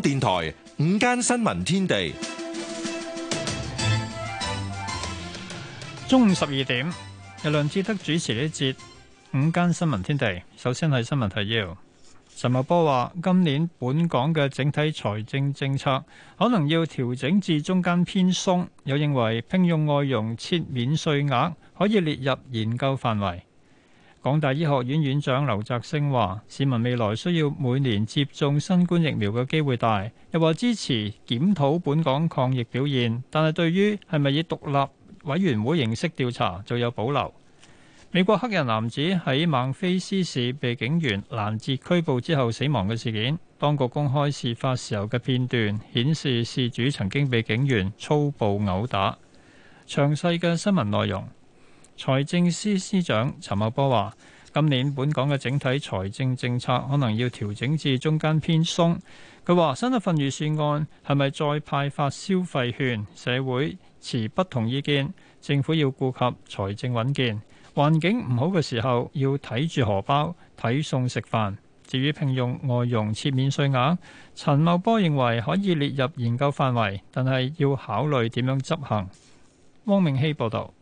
電台午間新聞天地，中午十二點由梁志德主持呢一節午間新聞天地。首先係新聞提要，陳茂波話今年本港嘅整體財政政策可能要調整至中間偏鬆。有認為聘用外傭設免稅額可以列入研究範圍。港大醫學院院長劉澤星話市民未來需要每年接種新冠疫苗嘅機會大，又話支持檢討本港抗疫表現，但係對於係咪以獨立委員會形式調查就有保留。美國黑人男子喺孟菲斯市被警員攔截拘捕之後死亡嘅事件，當局公開事發時候嘅片段，顯示事主曾經被警員粗暴毆打。詳細嘅新聞內容。財政司司長陳茂波話：今年本港嘅整體財政政策可能要調整至中間偏鬆。佢話：新一份預算案係咪再派發消費券？社會持不同意見，政府要顧及財政穩健。環境唔好嘅時候，要睇住荷包，睇餸食飯。至於聘用外傭設免稅額，陳茂波認為可以列入研究範圍，但係要考慮點樣執行。汪明希報導。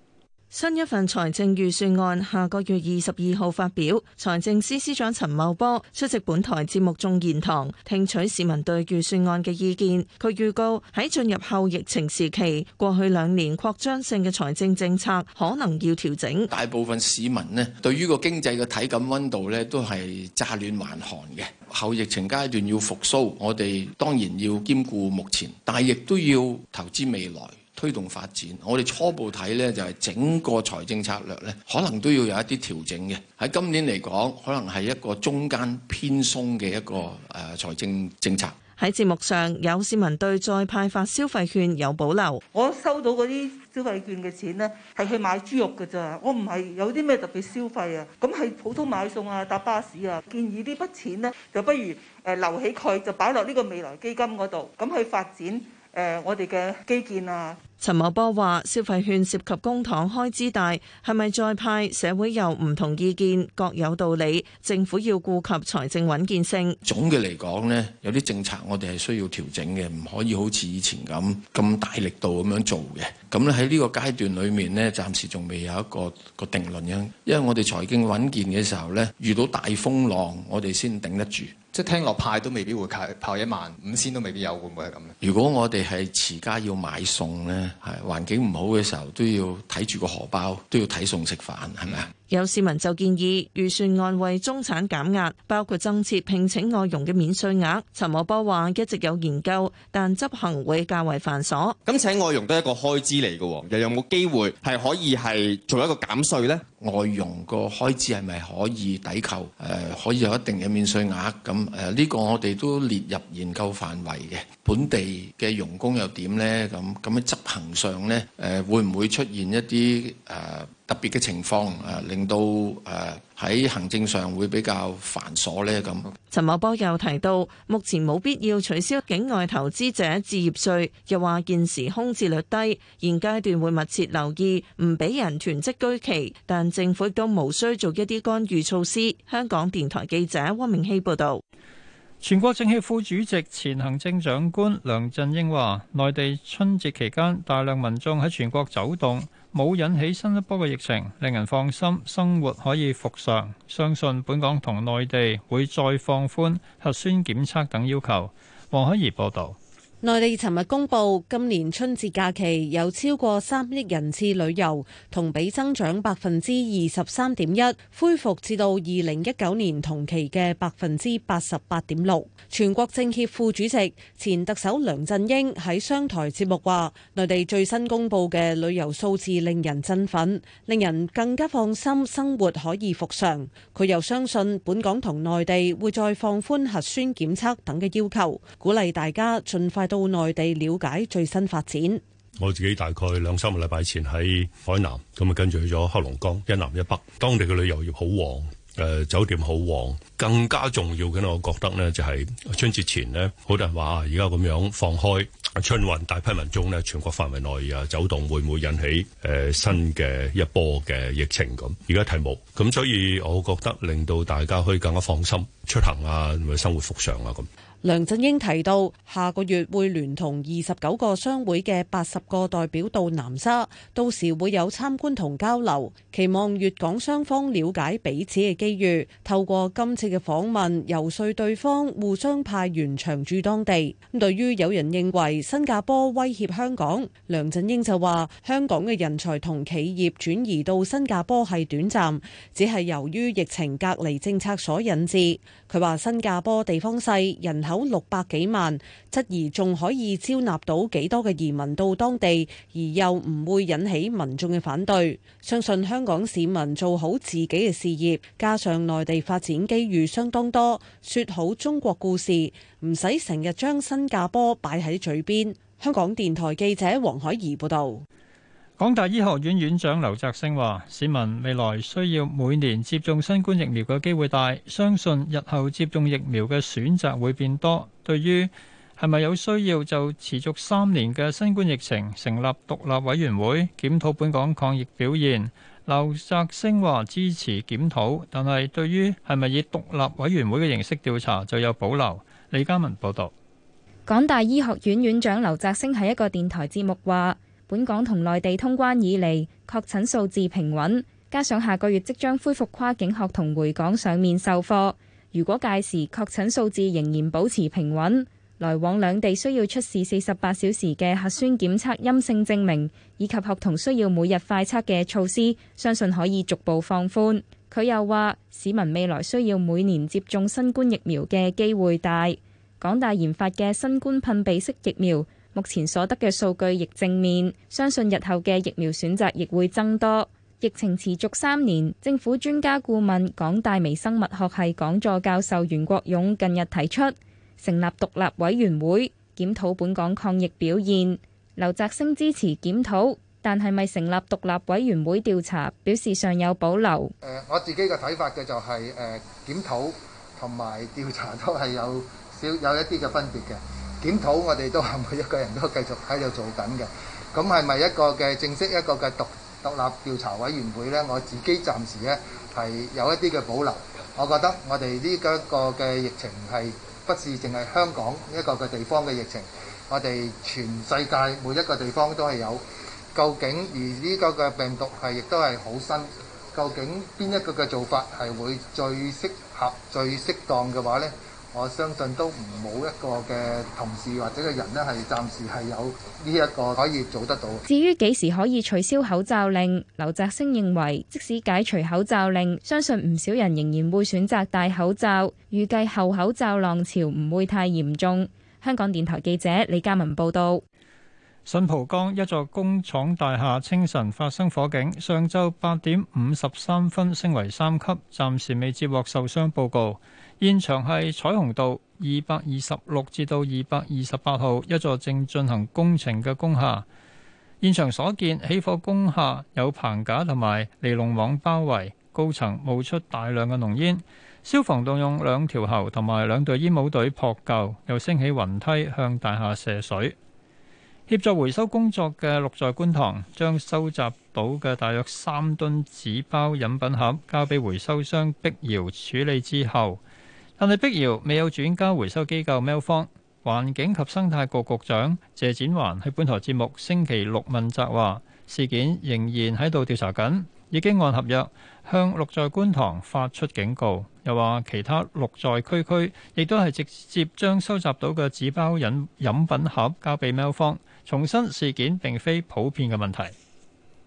新一份財政預算案下個月二十二號發表，財政司司長陳茂波出席本台節目眾言堂，聽取市民對預算案嘅意見。佢預告喺進入後疫情時期，過去兩年擴張性嘅財政政策可能要調整。大部分市民呢，對於個經濟嘅體感溫度呢，都係乍暖還寒嘅。後疫情階段要復甦，我哋當然要兼顧目前，但係亦都要投資未來。推動發展，我哋初步睇咧就係整個財政策略咧，可能都要有一啲調整嘅。喺今年嚟講，可能係一個中間偏鬆嘅一個誒財政政策。喺節目上，有市民對再派發消費券有保留。我收到嗰啲消費券嘅錢呢，係去買豬肉㗎咋。我唔係有啲咩特別消費啊，咁係普通買餸啊、搭巴士啊。建議呢筆錢呢，就不如誒留起佢，就擺落呢個未來基金嗰度，咁去發展。誒、呃，我哋嘅基建啊。陳茂波話：消費券涉及公帑開支大，係咪再派社會有唔同意見，各有道理。政府要顧及財政穩健性。總嘅嚟講呢，有啲政策我哋係需要調整嘅，唔可以好似以前咁咁大力度咁樣做嘅。咁咧，喺呢個階段裏面呢，暫時仲未有一個一個定論嘅，因為我哋財經穩健嘅時候呢，遇到大風浪我哋先頂得住。即係聽落派都未必會派，派一萬五千都未必有，會唔會係咁咧？如果我哋係持家要買餸咧？係環境唔好嘅時候，都要睇住個荷包，都要睇餸食飯，係咪啊？有市民就建議預算案為中產減壓，包括增設聘請外傭嘅免稅額。陳茂波話：一直有研究，但執行會較為繁瑣。咁請外傭都係一個開支嚟嘅，又有冇機會係可以係做一個減稅咧？外傭個開支係咪可以抵扣？誒，可以有一定嘅免稅額。咁誒，呢個我哋都列入研究範圍嘅。本地嘅傭工又點咧？咁咁喺執行上咧，誒會唔會出現一啲誒？特別嘅情況，誒令到誒喺行政上會比較繁瑣呢。咁陳茂波又提到，目前冇必要取消境外投資者置業稅，又話現時空置率低，現階段會密切留意，唔俾人囤積居奇，但政府亦都無需做一啲干預措施。香港電台記者汪明熙報導。全國政協副主席、前行政長官梁振英話：內地春節期間大量民眾喺全國走動。冇引起新一波嘅疫情，令人放心，生活可以復常。相信本港同內地會再放寬核酸檢測等要求。黃海怡報道。內地尋日公布，今年春節假期有超過三億人次旅遊，同比增長百分之二十三點一，恢復至到二零一九年同期嘅百分之八十八點六。全國政協副主席、前特首梁振英喺商台節目話：內地最新公布嘅旅遊數字令人振奮，令人更加放心生活可以復常。佢又相信本港同內地會再放寬核酸檢測等嘅要求，鼓勵大家盡快到內地了解最新發展，我自己大概兩三個禮拜前喺海南，咁啊跟住去咗黑龍江，一南一北，當地嘅旅遊業好旺，誒、呃、酒店好旺，更加重要嘅我覺得呢就係春節前呢，好多人話而家咁樣放開春運，大批民眾呢，全國範圍內啊走動，會唔會引起誒新嘅一波嘅疫情咁，而家題目咁，所以我覺得令到大家可以更加放心出行啊，生活復常啊咁。梁振英提到，下個月會聯同二十九個商會嘅八十個代表到南沙，到時會有參觀同交流，期望粵港雙方了解彼此嘅機遇。透過今次嘅訪問，游說對方互相派員長駐當地。對於有人認為新加坡威脅香港，梁振英就話，香港嘅人才同企業轉移到新加坡係短暫，只係由於疫情隔離政策所引致。佢話新加坡地方細，人口，有六百幾萬，質疑仲可以招納到幾多嘅移民到當地，而又唔會引起民眾嘅反對。相信香港市民做好自己嘅事業，加上內地發展機遇相當多，說好中國故事，唔使成日將新加坡擺喺嘴邊。香港電台記者黃海怡報道。港大醫學院院長劉澤星話，市民未來需要每年接種新冠疫苗嘅機會大，相信日後接種疫苗嘅選擇會變多。對於係咪有需要就持續三年嘅新冠疫情成立獨立委員會檢討本港抗疫表現，劉澤星話支持檢討，但係對於係咪以獨立委員會嘅形式調查就有保留。李嘉文報道。港大醫學院院長劉澤星喺一個電台節目話。本港同內地通關以嚟，確診數字平穩，加上下個月即將恢復跨境學童回港上面授課，如果屆時確診數字仍然保持平穩，來往兩地需要出示四十八小時嘅核酸檢測陰性證明，以及學童需要每日快測嘅措施，相信可以逐步放寬。佢又話，市民未來需要每年接種新冠疫苗嘅機會大。港大研發嘅新冠噴鼻式疫苗。目前所得嘅數據亦正面，相信日後嘅疫苗選擇亦會增多。疫情持續三年，政府專家顧問港大微生物學系講座教授袁國勇近日提出成立獨立委員會檢討本港抗疫表現，劉澤星支持檢討，但係咪成立獨立委員會調查，表示尚有保留。誒，我自己嘅睇法嘅就係誒檢討同埋調查都係有少有一啲嘅分別嘅。檢討我哋都係每一個人都繼續喺度做緊嘅，咁係咪一個嘅正式一個嘅獨立調查委員會呢？我自己暫時呢係有一啲嘅保留，我覺得我哋呢個個嘅疫情係不是淨係香港一個嘅地方嘅疫情，我哋全世界每一個地方都係有。究竟而呢個嘅病毒係亦都係好新，究竟邊一個嘅做法係會最適合、最適當嘅話呢？我相信都唔冇一個嘅同事或者嘅人呢，係暫時係有呢一個可以做得到。至於幾時可以取消口罩令，劉澤星認為即使解除口罩令，相信唔少人仍然會選擇戴口罩。預計後口罩浪潮唔會太嚴重。香港電台記者李嘉文報道。新蒲崗一座工廠大廈清晨發生火警，上晝八點五十三分升為三級，暫時未接獲受傷報告。現場係彩虹道二百二十六至到二百二十八號一座正進行工程嘅工廈。現場所見，起火工廈有棚架同埋尼龍網包圍，高層冒出大量嘅濃煙。消防動用兩條喉同埋兩隊煙霧隊撲救，又升起雲梯向大廈射水，協助回收工作嘅綠在觀塘將收集到嘅大約三噸紙包飲品盒交俾回收商碧瑤處理之後。但係碧瑤未有轉交回收機構喵坊，環境及生態局局長謝展寰喺本台節目星期六問責話：事件仍然喺度調查緊，已經按合約向綠在觀塘發出警告。又話其他綠在區區亦都係直接將收集到嘅紙包飲品盒交俾喵坊。重申事件並非普遍嘅問題。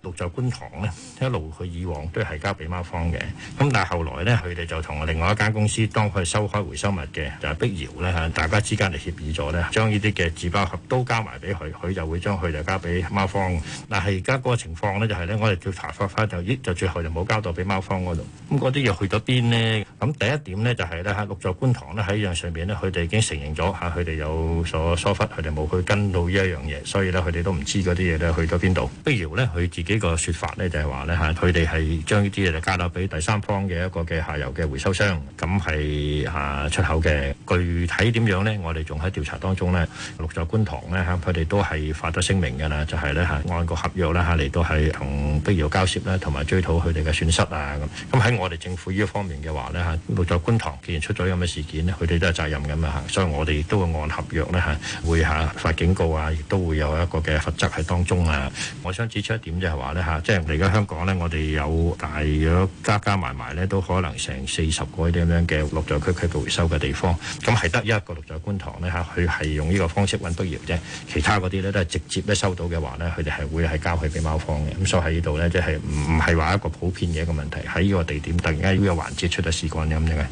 六座觀塘咧，一路佢以往都係交俾貓方嘅，咁但係後來咧，佢哋就同另外一間公司當佢收開回收物嘅，就係碧瑤啦。大家之間嚟協議咗咧，將呢啲嘅紙包盒都交埋俾佢，佢就會將佢就交俾貓方。但係而家嗰個情況咧，就係咧，我哋調查翻翻就咦，就最後就冇交到俾貓方嗰度。咁嗰啲嘢去咗邊咧？咁第一點咧就係咧嚇六座觀塘咧喺一樣上邊咧，佢哋已經承認咗嚇，佢哋有所疏忽，佢哋冇去跟到呢一樣嘢，所以咧佢哋都唔知嗰啲嘢咧去咗邊度。碧瑤咧，佢自己。呢個說法咧就係話咧嚇，佢哋係將呢啲嘢就交咗俾第三方嘅一個嘅下游嘅回收商，咁係嚇出口嘅具體點樣咧？我哋仲喺調查當中咧。綠在觀塘咧嚇，佢哋都係發咗聲明嘅啦，就係咧嚇按個合約啦嚇嚟，到係同碧瑤交涉啦，同埋追討佢哋嘅損失啊咁。咁喺我哋政府呢一方面嘅話咧嚇，綠在觀塘既然出咗咁嘅事件咧，佢哋都係責任嘅嘛嚇，所以我哋都會按合約咧嚇會嚇發警告啊，亦都會有一個嘅罰則喺當中啊。我想指出一點就～話咧吓，即係嚟咗香港咧，我哋有大約加加埋埋咧，都可能成四十個啲咁樣嘅綠在區區嘅回收嘅地方。咁係得一個綠在觀塘咧吓，佢係用呢個方式搵不業啫。其他嗰啲咧都係直接咧收到嘅話咧，佢哋係會係交去俾貓方嘅。咁所以喺呢度咧，即係唔係話一個普遍嘅一個問題。喺呢個地點突然間呢個環節出咗事幹咁樣嘅。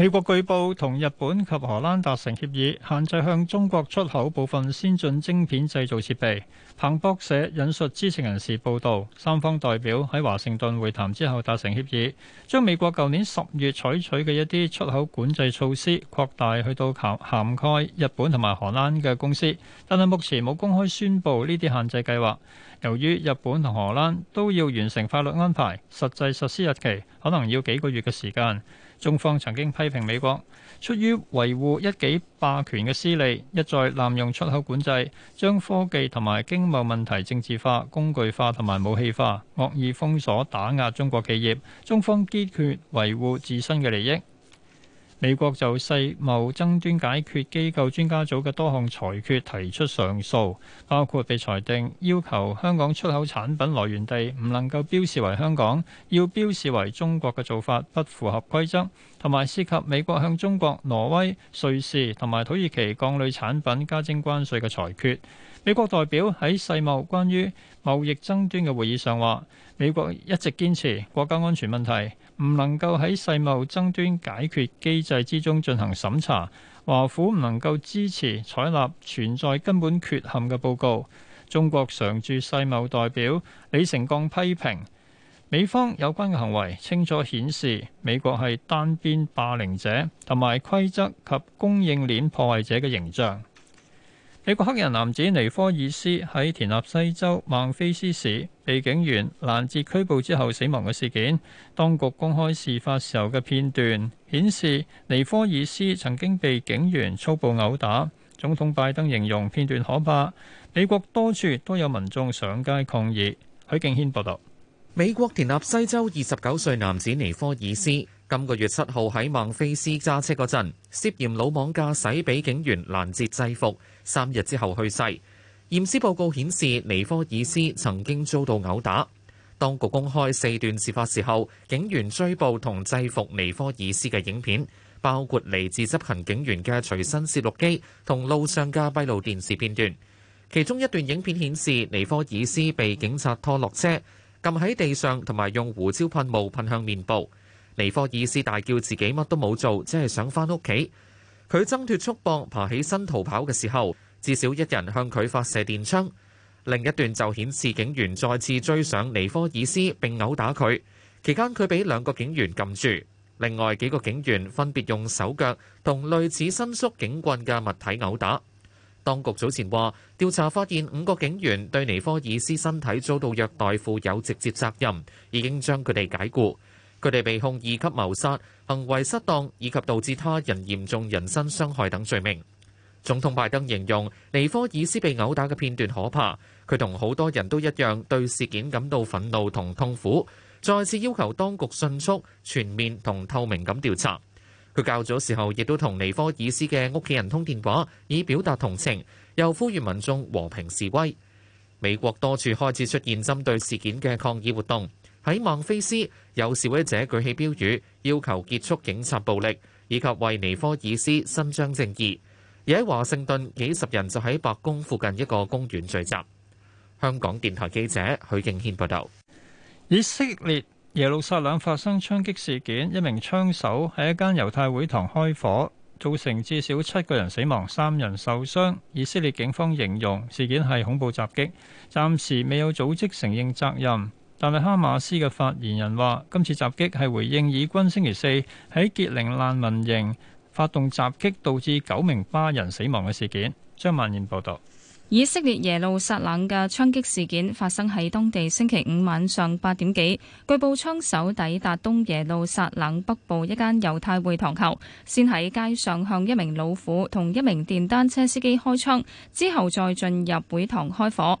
美國據報同日本及荷蘭達成協議，限制向中國出口部分先進晶片製造設備。彭博社引述知情人士報道，三方代表喺華盛頓會談之後達成協議，將美國舊年十月採取嘅一啲出口管制措施擴大去到涵蓋日本同埋荷蘭嘅公司，但係目前冇公開宣佈呢啲限制計劃。由於日本同荷蘭都要完成法律安排，實際實施日期可能要幾個月嘅時間。中方曾經批評美國，出於維護一己霸權嘅私利，一再濫用出口管制，將科技同埋經貿問題政治化、工具化同埋武器化，惡意封鎖、打壓中國企業。中方堅決維護自身嘅利益。美國就世貿爭端解決機構專家組嘅多項裁決提出上訴，包括被裁定要求香港出口產品來源地唔能夠標示為香港，要標示為中國嘅做法不符合規則。同埋涉及美國向中國、挪威、瑞士同埋土耳其鋼類產品加徵關稅嘅裁決，美國代表喺世貿關於貿易爭端嘅會議上話：美國一直堅持國家安全問題唔能夠喺世貿爭端解決機制之中進行審查，華府唔能夠支持採納存在根本缺陷嘅報告。中國常駐世貿代表李成鋼批評。美方有關嘅行為清楚顯示美國係單邊霸凌者同埋規則及供應鏈破壞者嘅形象。美國黑人男子尼科爾斯喺田納西州孟菲斯市被警員攔截拘捕之後死亡嘅事件，當局公開事發時候嘅片段，顯示尼科爾斯曾經被警員粗暴毆打。總統拜登形容片段可怕。美國多處都有民眾上街抗議。許敬軒報道。美國田納西州二十九歲男子尼科爾斯今個月七號喺孟菲斯揸車嗰陣，涉嫌魯莽駕駛，俾警員攔截制服。三日之後去世。驗屍報告顯示，尼科爾斯曾經遭到毆打。當局公開四段事發時候，警員追捕同制服尼科爾斯嘅影片，包括嚟自執行警員嘅隨身攝錄機同路上嘅閉路電視片段。其中一段影片顯示，尼科爾斯被警察拖落車。撳喺地上，同埋用胡椒噴霧噴向面部。尼科爾斯大叫自己乜都冇做，只係想返屋企。佢掙脱束縛，爬起身逃跑嘅時候，至少一人向佢發射電槍。另一段就顯示警員再次追上尼科爾斯並毆打佢，期間佢畀兩個警員撳住，另外幾個警員分別用手腳同類似伸縮警棍嘅物體毆打。當局早前話，調查發現五個警員對尼科爾斯身體遭到虐待負有直接責任，已經將佢哋解雇。佢哋被控二級謀殺、行為失當以及導致他人嚴重人身傷害等罪名。總統拜登形容尼科爾斯被毆打嘅片段可怕，佢同好多人都一樣對事件感到憤怒同痛苦，再次要求當局迅速、全面同透明咁調查。佢較早時候亦都同尼科爾斯嘅屋企人通電話，以表達同情，又呼籲民眾和平示威。美國多處開始出現針對事件嘅抗議活動，喺孟菲斯有示威者舉起標語，要求結束警察暴力，以及為尼科爾斯伸張正義。而喺華盛頓，幾十人就喺白宮附近一個公園聚集。香港電台記者許敬軒報導，以色列。耶路撒冷發生槍擊事件，一名槍手喺一間猶太會堂開火，造成至少七個人死亡，三人受傷。以色列警方形容事件係恐怖襲擊，暫時未有組織承認責任。但係哈馬斯嘅發言人話：今次襲擊係回應以軍星期四喺傑寧難民營發動襲擊，導致九名巴人死亡嘅事件。張曼燕報導。以色列耶路撒冷嘅槍擊事件發生喺當地星期五晚上八點幾，據報槍手抵達東耶路撒冷北部一間猶太會堂後，先喺街上向一名老婦同一名電單車司機開槍，之後再進入會堂開火。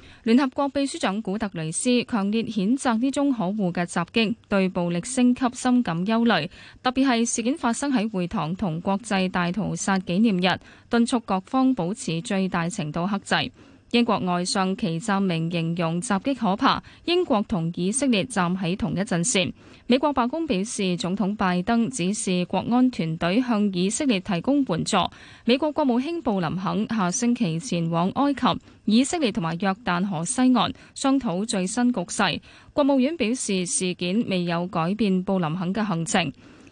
聯合國秘書長古特雷斯強烈譴責呢種可惡嘅襲擊，對暴力升級深感憂慮，特別係事件發生喺會堂同國際大屠殺紀念日，敦促各方保持最大程度克制。英國外相祁湛明形容襲擊可怕，英國同以色列站喺同一陣線。美國白宮表示，總統拜登指示國安團隊向以色列提供援助。美國國務卿布林肯下星期前往埃及、以色列同埋約旦河西岸商討最新局勢。國務院表示，事件未有改變布林肯嘅行程。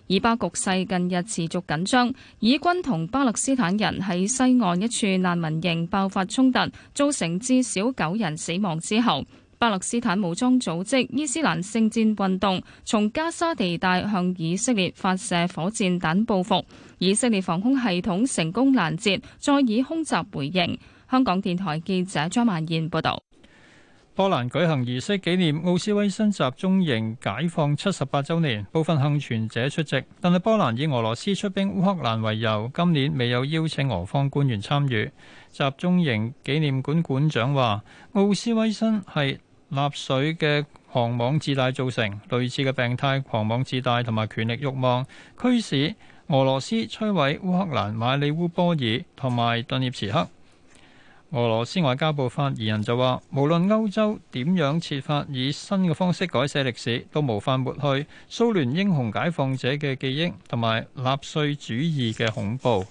以巴局勢近日持續緊張，以軍同巴勒斯坦人喺西岸一處難民營爆發衝突，造成至少九人死亡之後，巴勒斯坦武裝組織伊斯蘭聖戰運動從加沙地帶向以色列發射火箭彈報復，以色列防空系統成功攔截，再以空襲回應。香港電台記者張曼燕報導。波蘭舉行儀式紀念奧斯威辛集中營解放七十八周年，部分倖存者出席，但係波蘭以俄羅斯出兵烏克蘭為由，今年未有邀請俄方官員參與。集中營紀念館館長話：奧斯威辛係納粹嘅狂妄自大造成，類似嘅病態狂妄自大同埋權力欲望驅使俄羅斯摧毀烏克蘭馬里烏波爾同埋頓涅茨克。俄羅斯外交部發言人就話，無論歐洲點樣設法以新嘅方式改寫歷史，都無法抹去蘇聯英雄解放者嘅記憶同埋納粹主義嘅恐怖。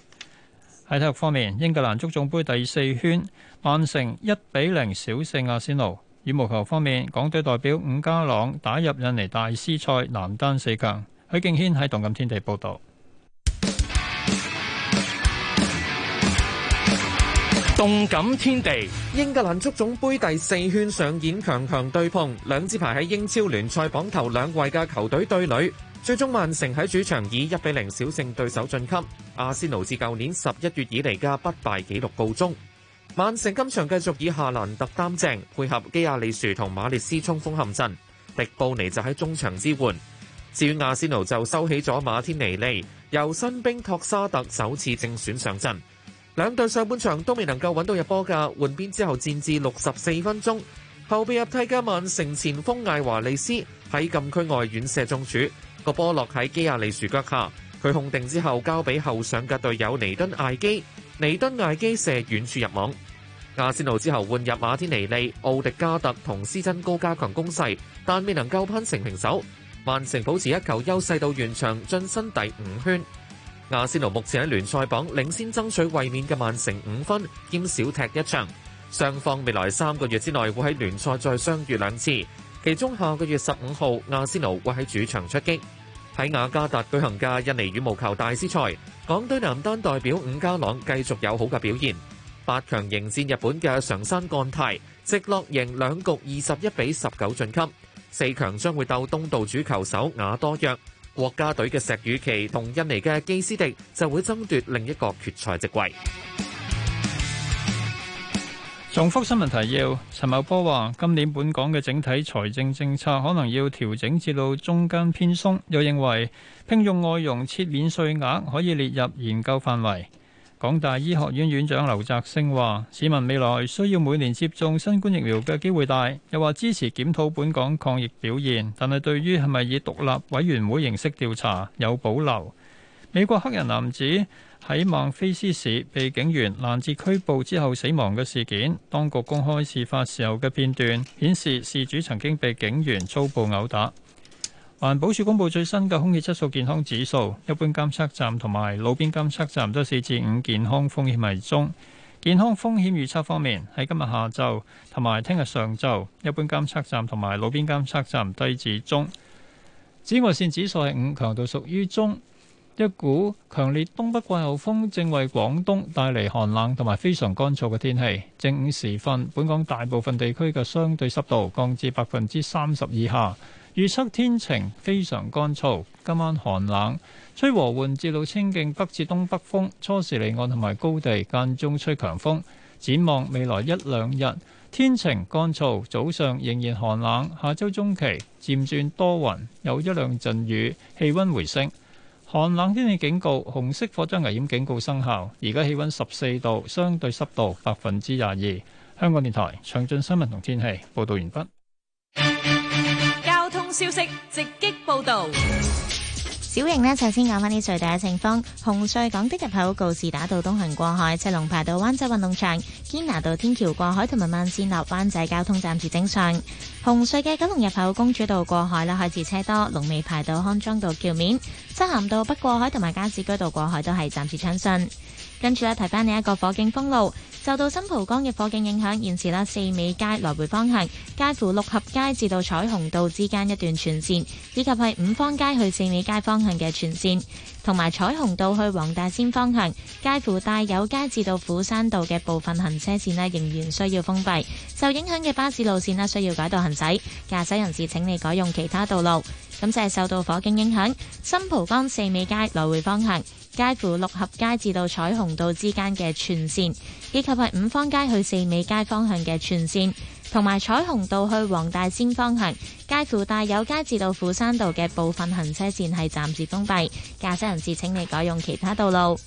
喺體育方面，英格蘭足總杯第四圈，曼城一比零小勝阿仙奴。羽毛球方面，港隊代表伍家朗打入印尼大師賽男單四強。許敬軒喺動感天地報道。動感天地，英格蘭足總杯第四圈上演強強對碰，兩支排喺英超聯賽榜榜頭兩位嘅球隊對壘，最終曼城喺主場以一比零小勝對手晉級。阿仙奴自舊年十一月以嚟嘅不敗紀錄告終。曼城今場繼續以夏蘭特擔正，配合基亞利殊同馬列斯衝鋒陷陣，迪布尼就喺中場支援。至於阿仙奴就收起咗馬天尼利，由新兵托沙特首次正選上陣。兩隊上半場都未能夠揾到入波嘅，換邊之後戰至六十四分鐘，後備入替嘅曼城前鋒艾華利斯喺禁區外遠射中柱，個波落喺基亞利樹腳下，佢控定之後交俾後上嘅隊友尼敦艾基，尼敦艾基射遠處入網。亞仙奴之後換入馬天尼利、奧迪加特同斯真高加強攻勢，但未能夠攀成平手，曼城保持一球優勢到完場，晉身第五圈。亞斯奴目前喺聯賽榜領先爭取衛冕嘅曼城五分，兼少踢一場。雙方未來三個月之內會喺聯賽再相遇兩次，其中下個月十五號阿仙奴會喺主場出擊。喺雅加達舉行嘅印尼羽毛球大師賽，港隊男單代表伍家朗繼續有好嘅表現，八強迎戰日本嘅常山幹太，直落贏兩局二十一比十九晉級，四強將會鬥東道主球手瓦多約。國家隊嘅石宇奇同印尼嘅基斯迪就會爭奪另一個決賽席位。重複新聞提要，陳茂波話：今年本港嘅整體財政政策可能要調整至到中間偏鬆。又認為聘用外傭切免稅額可以列入研究範圍。港大醫學院院長劉澤星話：市民未來需要每年接種新冠疫苗嘅機會大，又話支持檢討本港抗疫表現。但係對於係咪以獨立委員會形式調查有保留。美國黑人男子喺孟菲斯市被警員攔截拘捕之後死亡嘅事件，當局公開事發時候嘅片段，顯示事主曾經被警員粗暴毆打。環保署公布最新嘅空氣質素健康指數，一般監測站同埋路邊監測站都四至五，健康風險為中。健康風險預測方面，喺今日下晝同埋聽日上晝，一般監測站同埋路邊監測站低至中。紫外線指數係五，強度屬於中。一股強烈東北季候風正為廣東帶嚟寒冷同埋非常乾燥嘅天氣。正午時分，本港大部分地區嘅相對濕度降至百分之三十以下。預測天晴，非常乾燥。今晚寒冷，吹和緩至到清勁北至東北風。初時離岸同埋高地間中吹強風。展望未來一兩日，天晴乾燥，早上仍然寒冷。下周中期漸轉多雲，有一兩陣雨，氣溫回升。寒冷天氣警告，紅色火災危險警告生效。而家氣溫十四度，相對濕度百分之廿二。香港電台詳盡新聞同天氣報道完畢。消息直擊報道，小型呢，就先講翻啲隧道嘅情況。紅隧港島入口告士打道東行過海，赤龍排到灣仔運動場，堅拿道天橋過海同埋慢綫落灣仔交通暫時正常。紅隧嘅九龍入口公主道過海咧，開始車多，龍尾排到康莊道橋面，漆咸道北過海同埋加士居道過海都係暫時暢順。跟住咧，提翻你一個火警封路，受到新蒲崗嘅火警影響，現時啦四美街來回方向、介乎六合街至到彩虹道之間一段全線，以及係五芳街去四美街方向嘅全線，同埋彩虹道去黃大仙方向、介乎大有街至到斧山道嘅部分行車線咧，仍然需要封閉。受影響嘅巴士路線咧，需要改道行駛，駕駛人士請你改用其他道路。咁就係受到火警影響，新蒲崗四美街來回方向。介乎六合街至到彩虹道之間嘅全線，以及係五芳街去四美街方向嘅全線，同埋彩虹道去黃大仙方向，介乎大有街至到斧山道嘅部分行車線係暫時封閉，駕駛人士請你改用其他道路。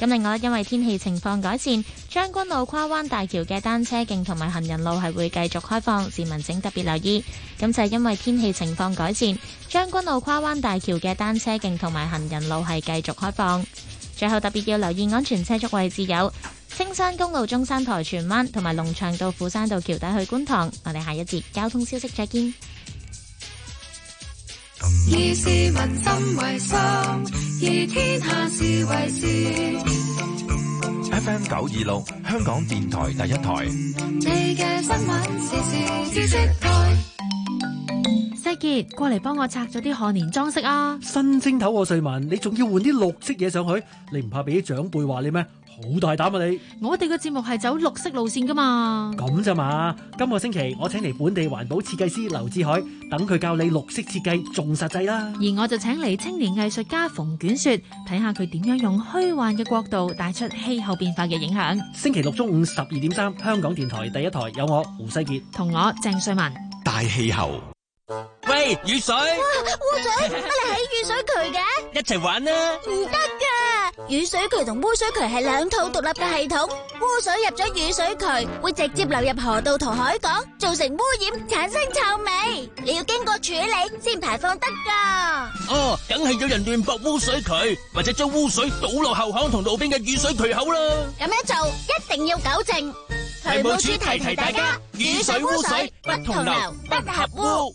咁另外咧，因為天氣情況改善，將軍澳跨灣大橋嘅單車徑同埋行人路係會繼續開放，市民請特別留意。咁就係因為天氣情況改善，將軍澳跨灣大橋嘅單車徑同埋行人路係繼續開放。最後特別要留意安全車速位置，有青山公路中山台、荃灣同埋龍翔道斧山道橋底去觀塘。我哋下一節交通消息再見。以市民心為心。FM 九二六，香港電台第一台。過嚟幫我拆咗啲賀年裝飾啊！新青頭我瑞文，你仲要換啲綠色嘢上去，你唔怕俾啲長輩話你咩？好大膽啊你！我哋個節目係走綠色路線噶嘛。咁咋嘛？今個星期我請嚟本地環保設計師劉志海，等佢教你綠色設計，重實際啦、啊。而我就請嚟青年藝術家馮卷雪，睇下佢點樣用虛幻嘅角度帶出氣候變化嘅影響。星期六中午十二點三，香港電台第一台有我胡世杰同我鄭瑞文，大氣候。喂，雨水！哇，污水，乜你喺雨水渠嘅？一齊玩啊！唔得噶，雨水渠同污水渠係兩套獨立嘅系統。污水入咗雨水渠，會直接流入河道同海港，造成污染，產生臭味。你要經過處理先排放得噶。哦，梗係有人亂駁污水渠，或者將污水倒落後巷同路邊嘅雨水渠口啦。咁樣做一定要糾正。渠務署提提大家，雨水污水不同流，不合污。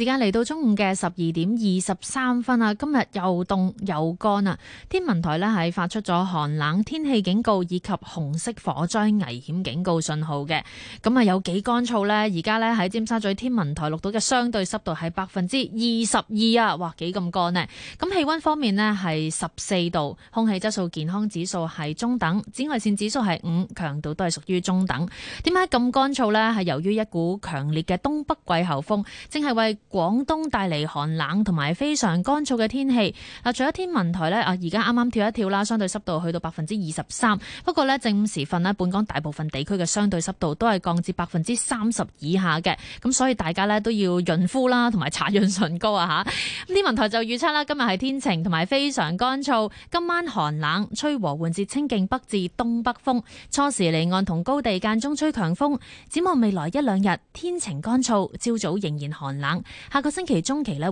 時間嚟到中午嘅十二點二十三分啊！今日又凍又乾啊！天文台呢係發出咗寒冷天氣警告以及紅色火災危險警告信號嘅。咁啊有幾乾燥呢？而家呢喺尖沙咀天文台錄到嘅相對濕度係百分之二十二啊！哇，幾咁乾呢？咁氣溫方面呢係十四度，空氣質素健康指數係中等，紫外線指數係五，強度都係屬於中等。點解咁乾燥呢？係由於一股強烈嘅東北季候風，正係為廣東帶嚟寒冷同埋非常乾燥嘅天氣。嗱，除咗天文台呢，啊，而家啱啱跳一跳啦，相對濕度去到百分之二十三。不過呢，正午時分呢，本港大部分地區嘅相對濕度都係降至百分之三十以下嘅。咁所以大家呢，都要潤膚啦，同埋搽潤唇膏啊！嚇，天文台就預測啦，今日係天晴同埋非常乾燥。今晚寒冷，吹和緩至清勁北至東北風。初時離岸同高地間中吹強風。展望未來一兩日，天晴乾燥，朝早仍然寒冷。下個星期中期咧。